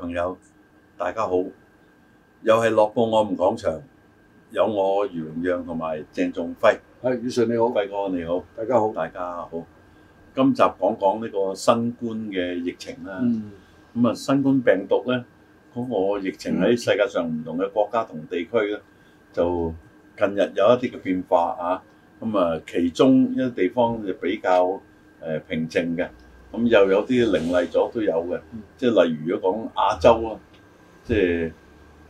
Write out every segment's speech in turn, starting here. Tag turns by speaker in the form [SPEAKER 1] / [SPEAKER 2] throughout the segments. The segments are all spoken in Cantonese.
[SPEAKER 1] 朋友，大家好，又係《樂報我們講場》，有我余榮耀同埋鄭仲輝。係，宇順、哎、你好，貴哥你好，大家好，大家好。今集講講呢個新冠嘅疫情啦。咁啊、嗯嗯，新冠病毒呢，嗰、那、我、個、疫情喺世界上唔同嘅國家同地區呢，就近日有一啲嘅變化啊。咁、嗯、啊，其中一啲地方就比較誒平靜嘅。咁又有啲凌厲咗都有嘅，即係例如如果講亞洲啊，即係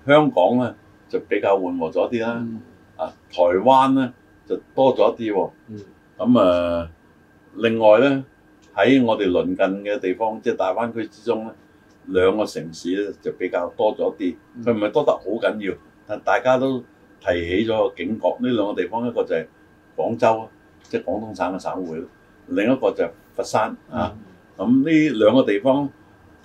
[SPEAKER 1] 香港咧就比較緩和咗啲啦，啊台灣咧就多咗一啲喎，咁誒另外咧喺我哋鄰近嘅地方，即係大灣區之中咧，兩個城市咧就比較多咗啲，佢唔係多得好緊要，但大家都提起咗個警覺，呢兩個地方一個就係廣州啊，即係廣東省嘅省會咯，另一個就係佛山啊。咁呢兩個地方，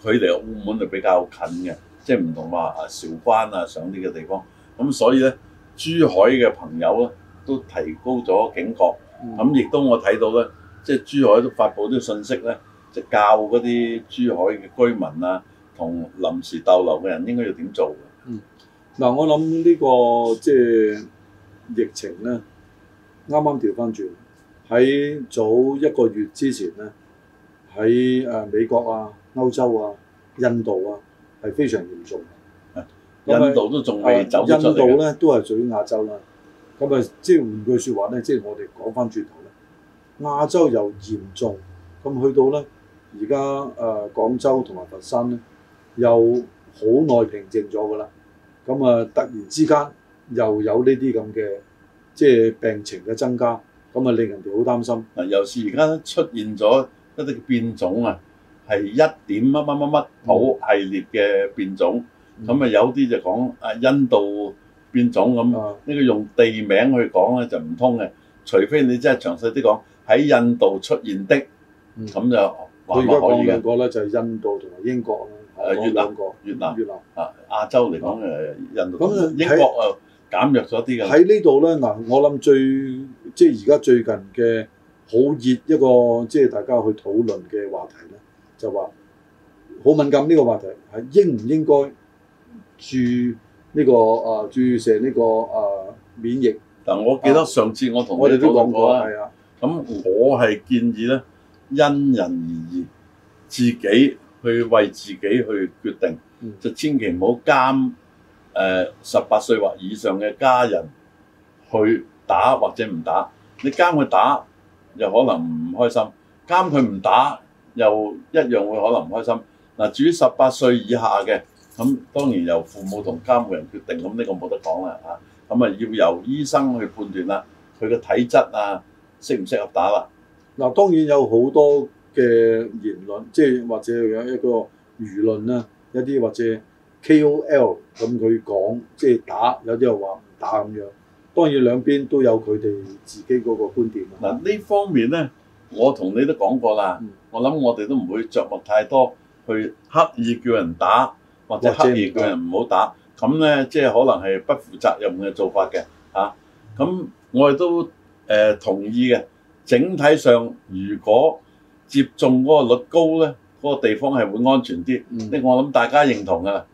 [SPEAKER 1] 距離澳門就比較近嘅，即係唔同話啊韶關啊上呢個地方。咁所以呢，珠海嘅朋友呢都提高咗警覺。咁亦、嗯、都我睇到呢，即係珠海都發布啲信息呢，就教嗰啲珠海嘅居民啊同臨時逗留嘅人應該要點做。嗯，
[SPEAKER 2] 嗱、呃，我諗呢、這個即係疫情呢，啱啱調翻轉喺早一個月之前呢。喺誒美國啊、歐洲啊、印度啊，係非常嚴重
[SPEAKER 1] 嘅。印度都仲未走出嚟嘅。印度咧都
[SPEAKER 2] 係屬於亞洲啦。咁啊，即係換句説話咧，即係我哋講翻轉頭咧，亞洲又嚴重。咁去到咧，而家誒廣州同埋佛山咧，又好耐平靜咗嘅啦。咁啊，突然之間又有呢啲咁嘅即係病情嘅增加，咁啊令人哋好擔心。嗱，尤其是而家出現咗。一啲變種啊，
[SPEAKER 1] 係一點乜乜乜乜土系列嘅變種，咁啊有啲就講啊印度變種咁，呢個用地名去講咧就唔通嘅，除非你真係詳細啲講喺印度出現的，咁就還可以嘅。最近我見過
[SPEAKER 2] 咧就係印度同埋英國啦，兩兩個，越南、越南啊亞洲嚟講誒，印度、英國啊減弱咗啲嘅。喺呢度咧嗱，我諗最即係而家最近嘅。好熱一個即係大家去討論嘅話題咧，就話好敏感呢個話題係應唔應該注呢個啊注射呢個啊免疫？嗱、啊，我記得上次我同我哋都講過，係啊。
[SPEAKER 1] 咁、啊、我係建議咧，因人而異，自己去為自己去決定，就千祈唔好監誒十八歲或以上嘅家人去打或者唔打。你監佢打，又可能唔開心，監佢唔打又一樣會可能唔開心。嗱，至於十八歲以下嘅，咁當然由父母同監護人決定，咁呢個冇得講啦嚇。咁啊要由醫生去判斷啦，佢嘅體
[SPEAKER 2] 質啊適唔適合打啦。嗱，當然有好多嘅言論，即係或者有一個輿論啦，一啲或者 KOL 咁佢講，即係打，有啲又話唔打咁樣。當然兩邊都有佢哋自
[SPEAKER 1] 己嗰個觀點。嗱呢方面呢，我同你都講過啦。嗯、我諗我哋都唔會着墨太多，去刻意叫人打或者刻意叫人唔好打。咁者呢，即係可能係不負責任嘅做法嘅嚇。咁、啊嗯、我哋都誒、呃、同意嘅。整體上，如果接種嗰個率高呢，嗰、那個地方係會安全啲。呢、嗯、我諗大家認同嘅啊。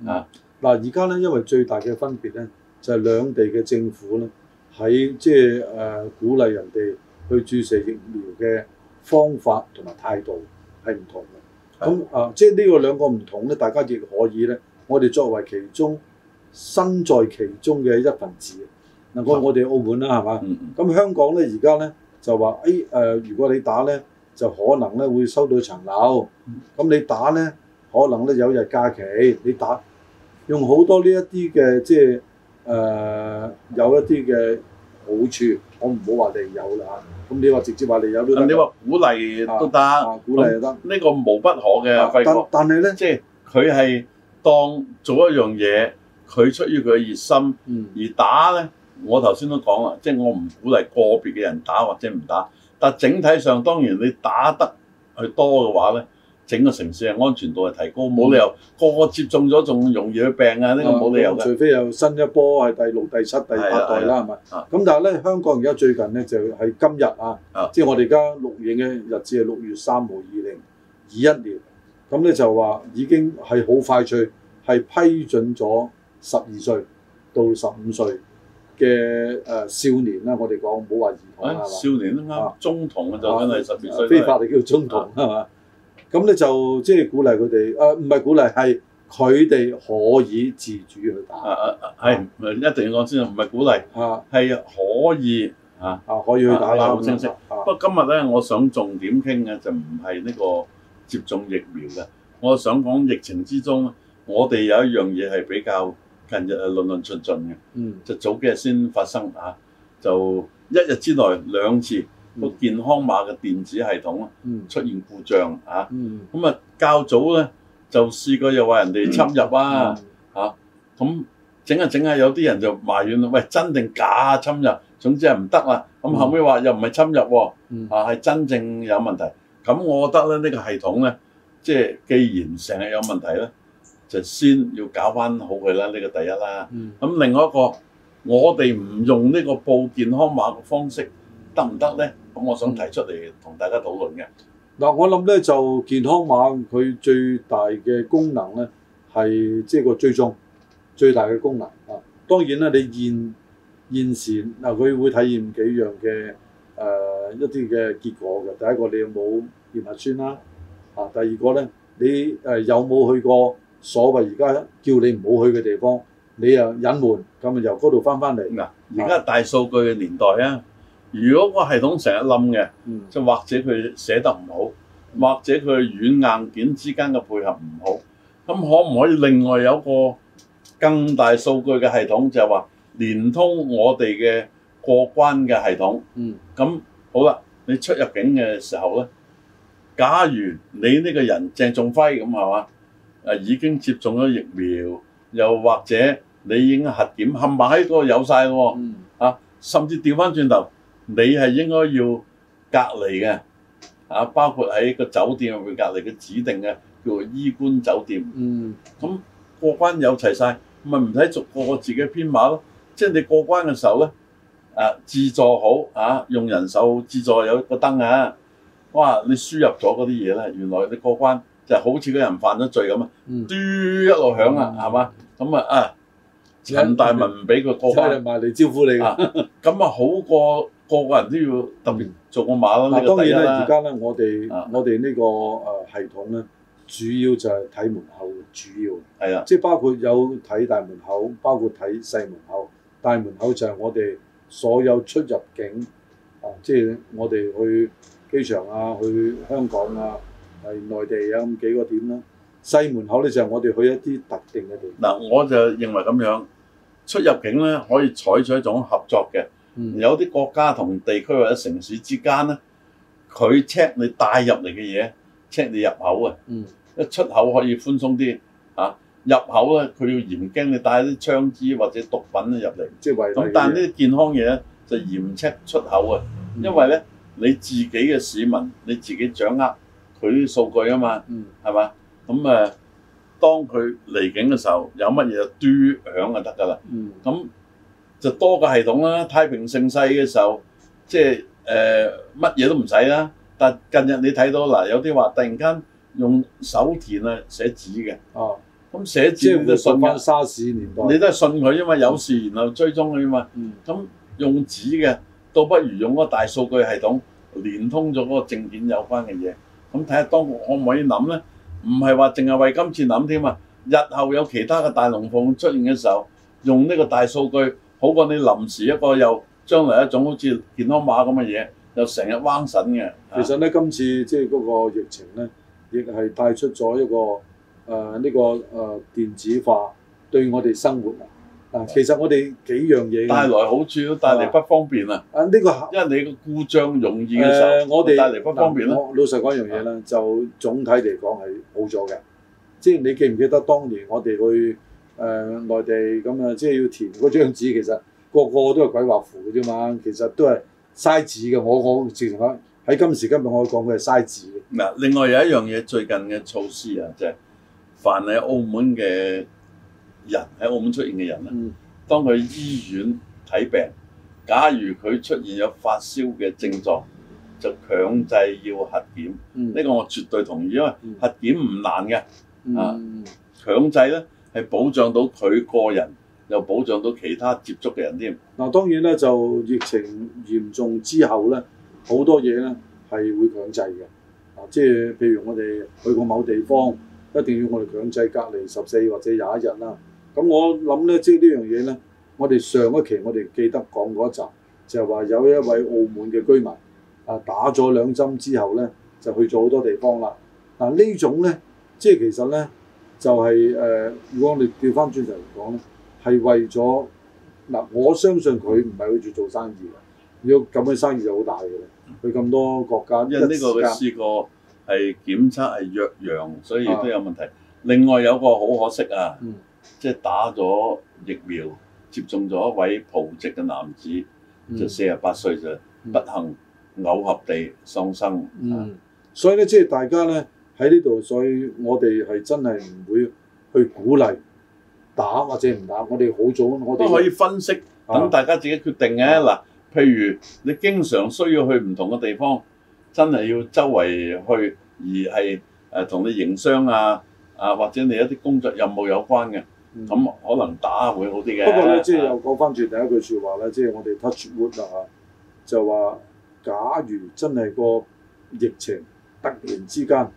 [SPEAKER 2] 嗱而家呢，因為最大嘅分別呢，就係、是、兩地嘅政府啦。喺即係誒、呃、鼓勵人哋去注射疫苗嘅方法同埋態度係唔同嘅。咁啊的、嗯呃，即係呢個兩個唔同咧，大家亦可以咧。我哋作為其中身在其中嘅一份子，嗱、那個、我我哋澳門啦，係嘛？咁的香港咧而家咧就話誒誒，如果你打咧，就可能咧會收到層樓。咁你打咧，可能咧有日假期，你打用好多呢一啲嘅即係。誒、呃、有一啲嘅好處，我唔好話你有啦，咁你話直接話你有都得，你話鼓勵
[SPEAKER 1] 都得、啊啊，鼓勵都得
[SPEAKER 2] 呢個無不
[SPEAKER 1] 可嘅、啊、但但係咧，即係佢係當做一樣嘢，佢出於佢嘅熱心、嗯、而打咧。我頭先都講啦，即、就、係、是、我唔鼓勵個別嘅人打或者唔打，但係整體上當然你打得去多嘅話咧。整個城市嘅安全度係提高，冇理由個個接種咗仲容易有病啊！呢個冇理由，除
[SPEAKER 2] 非有新一波係第六、第七、第八代啦，係咪、啊？咁吧但係咧，香港而家最近咧就係今日啊，即係我哋而家錄影嘅日子係六月三號二零二一年，咁咧就話已經係好快脆係批准咗十二歲到十五歲嘅誒少年啦。我哋講冇話兒童少年啱啱中童嘅就係十二歲，非法你叫中童係嘛？ 咁咧就即係鼓勵佢哋，啊唔係鼓勵，係佢哋可以自主去打。啊啊啊，唔、啊、
[SPEAKER 1] 係唔係一定要講先？唔係鼓勵，係、啊、可以啊，啊可以去打啊，好清晰。啊、不過今日咧，我想重點傾嘅就唔係呢個接種疫苗嘅，我想講疫情之中，我哋有一樣嘢係比較近日啊論論盡盡嘅，嗯，就早幾日先發生啊，就一日之內兩次。個、嗯、健康碼嘅電子系統咯，出現故障、嗯、啊！咁啊、嗯、較早咧就試過又話人哋侵入啊嚇，咁、嗯嗯啊、整下整下有啲人就埋怨，喂，真定假侵入，總之係唔得啦。咁後尾話又唔係侵入啊，嗯、啊係真正有問題。咁我覺得咧呢、這個系統咧，即係既然成日有問題咧，就先要搞翻好佢啦，呢、這個第一啦。咁、嗯嗯、另外一個我哋唔用呢個報健康碼嘅方式得唔得咧？行咁、嗯、我想提出嚟同大家討論嘅。
[SPEAKER 2] 嗱，我諗咧就健康碼佢最大嘅功能咧係即係個追蹤最大嘅功能啊。當然啦，你現現時嗱佢、啊、會體驗幾樣嘅誒、呃、一啲嘅結果嘅。第一個你有冇驗核酸啦啊？第二個咧你誒有冇去過所謂而家叫你唔好去嘅地方？你又隱瞞咁啊？由嗰度翻翻嚟啊！
[SPEAKER 1] 而家、嗯、大數據嘅年代啊！啊如果個系統成日冧嘅，嗯、就或者佢寫得唔好，或者佢軟硬件之間嘅配合唔好，咁可唔可以另外有個更大數據嘅系統，就係、是、話連通我哋嘅過關嘅系統？咁、嗯、好啦，你出入境嘅時候呢，假如你呢個人鄭仲輝咁係嘛，誒已經接種咗疫苗，又或者你已經核檢冚唪唥喺度有晒喎，嗯、啊，甚至調翻轉頭。你係應該要隔離嘅，嚇、啊，包括喺個酒店入面、啊、隔離嘅指定嘅，叫做衣冠酒店。嗯，咁、嗯、過關有齊晒，咪唔使逐個個自己編碼咯、啊。即係你過關嘅時候咧，啊，自助好啊，用人手自助有個燈啊，哇！你輸入咗嗰啲嘢咧，原來你過關就好似個人犯咗罪咁啊，嗯、嘟一路響、嗯嗯嗯、啊，係嘛？咁啊啊，陳大文唔俾佢過關，你埋嚟招呼你嘅，咁啊，啊，啊好過。個個人都要特別做個碼咯。當然咧，而家
[SPEAKER 2] 咧，啊、我哋我哋呢個誒系統咧，主要就係睇門口主要嘅。啊的，即係包括有睇大門口，包括睇細門口。大門口就係我哋所有出入境啊，即係我哋去機場啊，去香港啊，係內地有、啊、咁幾個點啦、啊。細門口咧就係我哋去一啲特定嘅地方。嗱、啊，我
[SPEAKER 1] 就認為咁樣出入境咧可以採取一種合作嘅。嗯、有啲國家同地區或者城市之間咧，佢 check 你帶入嚟嘅嘢，check 你入口啊，一、嗯、出口可以寬鬆啲嚇、啊，入口咧佢要嚴驚你帶啲槍支或者毒品入嚟，即係咁。但係呢啲健康嘢咧就嚴 check 出口啊，嗯、因為咧你自己嘅市民你自己掌握佢啲數據啊嘛，係嘛、嗯？咁誒、嗯嗯，當佢離境嘅時候有乜嘢嘟響就得㗎啦，咁。就多個系統啦。太平盛世嘅時候，即係誒乜嘢都唔使啦。但近日你睇到嗱，有啲話突然間用手填啊寫紙嘅哦，咁、嗯嗯、寫字你就信嘅沙士年代，哦、你都係信佢，因為有事然後追蹤佢嘛。咁用紙嘅倒不如用嗰個大數據系統連通咗嗰個證件有關嘅嘢。咁睇下當我可唔可以諗咧？唔係話淨係為今次諗添啊！日後有其他嘅大，大，大，大，大龍鳳出現嘅時候，用呢個大數據。好過你臨時一個又將嚟一種好似健康碼咁嘅嘢，又成日彎神嘅。其實
[SPEAKER 2] 咧，今次即係嗰個疫情咧，亦係帶出咗一個誒呢、呃呢個誒、呃、電子化對我哋生活。嗱、啊，其實我哋幾樣嘢帶來好處都帶嚟不
[SPEAKER 1] 方便啊！啊吧，呢個因為你個故障容易誒，我哋帶嚟不方便咯。
[SPEAKER 2] 老實講一樣嘢啦，就總體嚟講係好咗嘅。啊、即係你記唔記得當年我哋去？誒、呃、內地咁啊、嗯，即係要填嗰張紙，其實個個，個都係鬼畫符嘅啫嘛。其實都係嘥紙嘅。我我直情喺今時今日我，我可以講佢係嘥紙。
[SPEAKER 1] 嗱，另外有一樣嘢，最近嘅措施啊，就係、是、凡係澳門嘅人喺澳門出現嘅人咧，嗯、當佢醫院睇病，假如佢出現有發燒嘅症狀，就強制要核檢。呢、嗯、個我絕對同意，因為核檢唔難嘅。啊，嗯、強制咧。係保障到佢個人，又保障到其他接觸嘅人添。
[SPEAKER 2] 嗱，當然咧，就疫情嚴重之後咧，好多嘢咧係會強制嘅。啊，即係譬如我哋去過某地方，一定要我哋強制隔離十四或者廿一日啦。咁我諗咧，即係呢樣嘢咧，我哋上一期我哋記得講過一集，就係話有一位澳門嘅居民啊，打咗兩針之後咧，就去咗好多地方啦。嗱，呢種咧，即係其實咧。就係、是、誒、呃，如果你調翻轉頭嚟講咧，係為咗嗱，我相信佢唔係去住做生意嘅，要咁嘅生意就好大嘅。佢咁多國家，因為呢個佢試
[SPEAKER 1] 過係檢測係弱陽，嗯、所以都有問題。啊、另外有個好可惜啊，即係、嗯、打咗疫苗接種咗一位葡籍嘅男子，就四十八歲就、嗯、不幸
[SPEAKER 2] 偶合地喪生。嗯，嗯啊、所以咧即係大家咧。喺呢度，所以我哋係真係唔會去鼓勵打或者唔打。我哋好早，我都可以分析，
[SPEAKER 1] 等大家自己決定嘅嗱吧、啊。譬如你經常需要去唔同嘅地方，真係要周圍去而係誒同你營商啊啊，或者你一啲工作任務有關嘅，咁、嗯、可能打會好啲嘅。嗯、不過咧，即係
[SPEAKER 2] 又講翻住第一句説話咧，即係吧我哋 touch wood 啊，就話假如真係個疫情突然之間。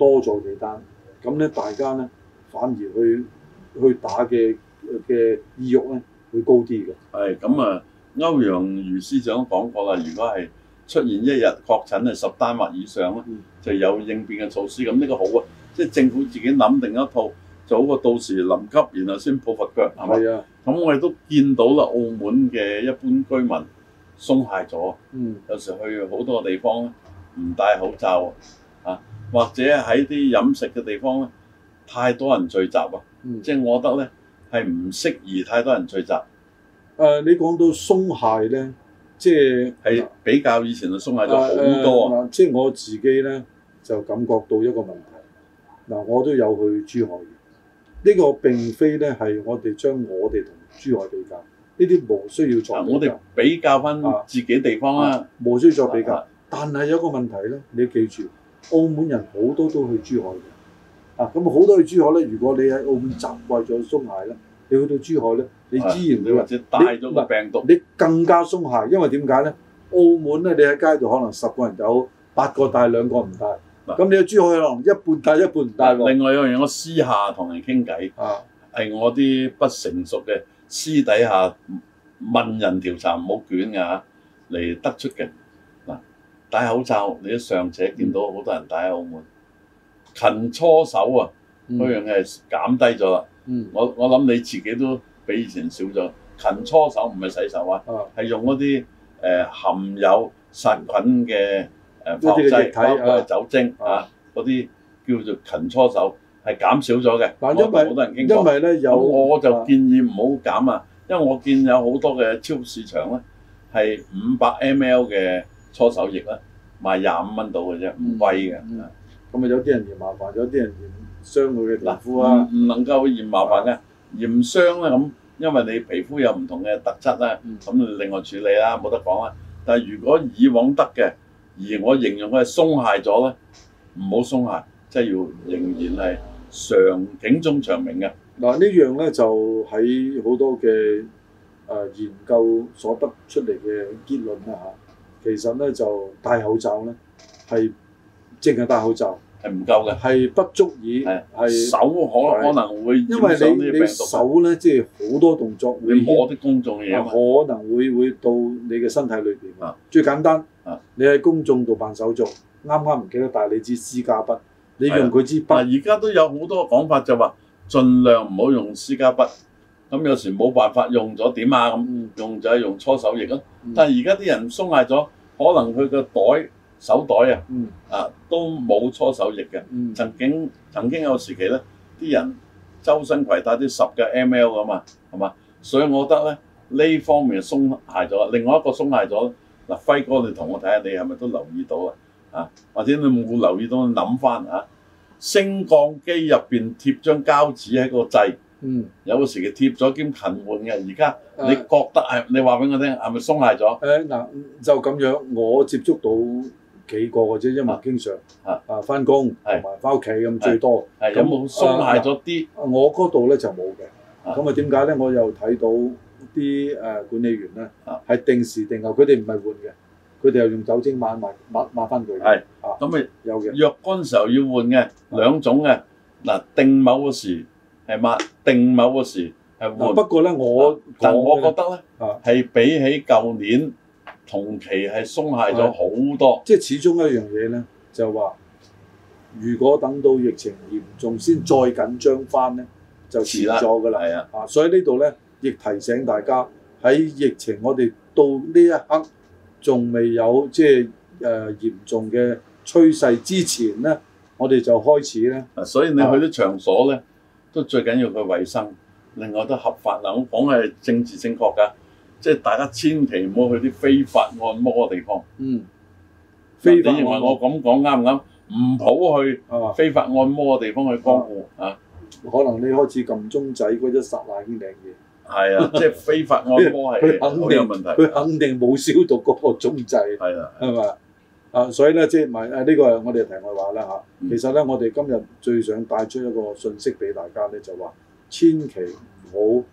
[SPEAKER 2] 多咗幾單，咁咧大家咧反而去去打嘅嘅、呃、意欲咧會高啲嘅。
[SPEAKER 1] 係咁啊，歐陽瑜司長講過啦，如果係出現一日確診係十單或以上咧，就有應變嘅措施。咁呢個好啊，即、就、係、是、政府自己諗定一套，就好過到時臨急然後先抱佛腳。係啊，咁我哋都見到啦，澳門嘅一般居民鬆懈咗，嗯、有時去好多地方唔戴口罩。或者喺啲飲食嘅地方咧，太多人聚集啊！即係、嗯、我覺得咧，係唔適宜太
[SPEAKER 2] 多人聚集。誒、呃，你講到鬆懈咧，即係係比較以前嘅鬆懈咗好多。呃呃呃呃、即係我自己咧，就感覺到一個問題。嗱，我都有去珠海。呢、這個並非咧係我哋將我哋同珠海比較，呢啲無需要作比較。我哋比較翻、呃、自己地方啊，無、嗯嗯、需要再比較。嗯、但係有一個問題咧，你要記住，住。澳門人好多都去珠海嘅，啊，咁好多去珠海咧。如果你喺澳門習慣咗鬆懈咧，你去到珠海咧，你自然會、啊、你或者帶咗個病毒你，你更加鬆懈。因為點解咧？澳門咧，你喺街度可能十個人有八個帶，兩個唔帶。咁、啊、你去珠海可能一半帶，一半唔帶、
[SPEAKER 1] 啊、另外一樣嘢，我私下同人傾偈，係、啊、我啲不成熟嘅私底下問人調查唔好卷嘅、啊，嚟得出嘅。戴口罩，你一上車見到好多人戴喺澳門。勤搓手啊，嗰樣嘢減低咗啦。我我諗你自己都比以前少咗。勤搓手唔係洗手啊，係用嗰啲誒含有殺菌嘅誒化劑，包括酒精啊，嗰啲叫做勤搓手，係減少咗嘅。因為好多人因為咧有，我就建議唔好減啊，因為我見有好多嘅超市場咧係五百 mL 嘅。搓手液啊，賣廿五蚊到嘅啫，唔貴嘅。咁咪、嗯、有啲人嫌麻煩，有啲人嫌傷佢嘅皮膚啊。唔、嗯、能夠嫌麻煩嘅，啊、嫌傷咧咁，因為你皮膚有唔同嘅特質啦，咁、嗯、你另外處理啦，冇得講啦。但係如果以往得嘅，而我形容佢係鬆懈咗咧，唔好鬆懈，即係要仍然係長警鐘長鳴嘅。
[SPEAKER 2] 嗱、啊、呢樣咧就喺好多嘅誒、呃、研究所得出嚟嘅結論啦嚇。其實咧就戴口罩咧，係即係戴口罩係唔夠嘅，係不，不足以係是是手可是可能會因為你你手咧，即係好多動作會摸啲公眾嘢，可能會會到你嘅身體裏邊啊。最簡單啊，你喺公眾度辦手續，啱啱唔記得帶你支私家筆，你用佢支
[SPEAKER 1] 筆。而家都有好多講法就話，盡量唔好用私家筆。咁有時冇辦法用咗點啊？咁用就係用搓手液咯。嗯、但係而家啲人鬆懈咗，可能佢個袋手袋啊，嗯、啊都冇搓手液嘅。嗯、曾經曾經有時期咧，啲人周身攜帶啲十嘅 mL 啊嘛，係嘛？所以我覺得咧呢方面鬆懈咗，另外一個鬆懈咗嗱，輝哥你同我睇下，你係咪都留意到啦、啊？啊，或者你冇留意到，諗翻啊，升降機入邊貼張膠紙喺個掣。嗯，有時嘅貼咗兼勤換
[SPEAKER 2] 嘅，而家你覺得係你話俾我聽，係咪鬆懈咗？誒嗱，就咁樣，我接觸到幾個或者，因為經常啊翻工同埋翻屋企咁最多。係有冇鬆懈咗啲？我嗰度咧就冇嘅。咁啊點解咧？我又睇到啲誒管理員咧係定時定候，佢哋唔係換嘅，佢哋又用酒精抹抹抹翻佢。係啊，咁咪有嘅。
[SPEAKER 1] 若干時候要換嘅兩種嘅嗱，定某個時。係嘛？定某個時係。不過咧，我、啊、我覺得咧，係、啊、比起舊年同期係鬆懈咗
[SPEAKER 2] 好多。即係、啊就係、始終一樣嘢咧，就話、係、如果等到疫情嚴重先再緊張翻咧，嗯、就遲咗㗎啦。係了啊，啊，所以呢度咧亦提醒大家喺疫情我、就係呃，我哋到呢一刻仲未有即係誒嚴重嘅趨勢之前咧，我哋就開始咧。所以你去啲
[SPEAKER 1] 場所咧。啊啊都最緊要佢衞生，另外都合法嗱、啊，我講係政治正確㗎，即係大家千祈唔好去啲非法按摩嘅地方。
[SPEAKER 2] 嗯，你認為我咁講啱唔啱？
[SPEAKER 1] 唔好
[SPEAKER 2] 去非法按摩嘅地、嗯、地方去光顧啊。啊可能你開始撳鍾仔嗰一剎那已經領嘢。係 啊，即係非法按摩係冇有問題，佢肯定冇消毒嗰個鍾仔。啊，係嘛吧？啊，所以咧，即係咪誒？呢、啊這個係我哋嘅題外話啦嚇。其實咧，我哋今日最想帶出一個訊息俾大家咧，就話、是、千祈唔好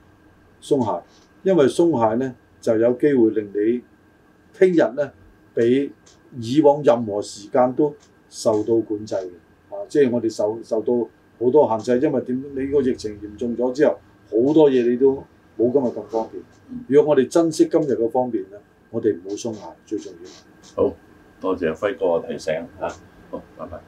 [SPEAKER 2] 鬆懈，因為鬆懈咧就有機會令你聽日咧比以往任何時間都受到管制嘅啊！即係我哋受受到好多限制，因為點？你個疫情嚴重咗之後，好多嘢你都冇今日咁方便。如果我哋珍惜今日嘅方便咧，我哋唔好鬆懈，最重要。啊、好。
[SPEAKER 1] 多謝輝哥提醒吓，好，拜拜。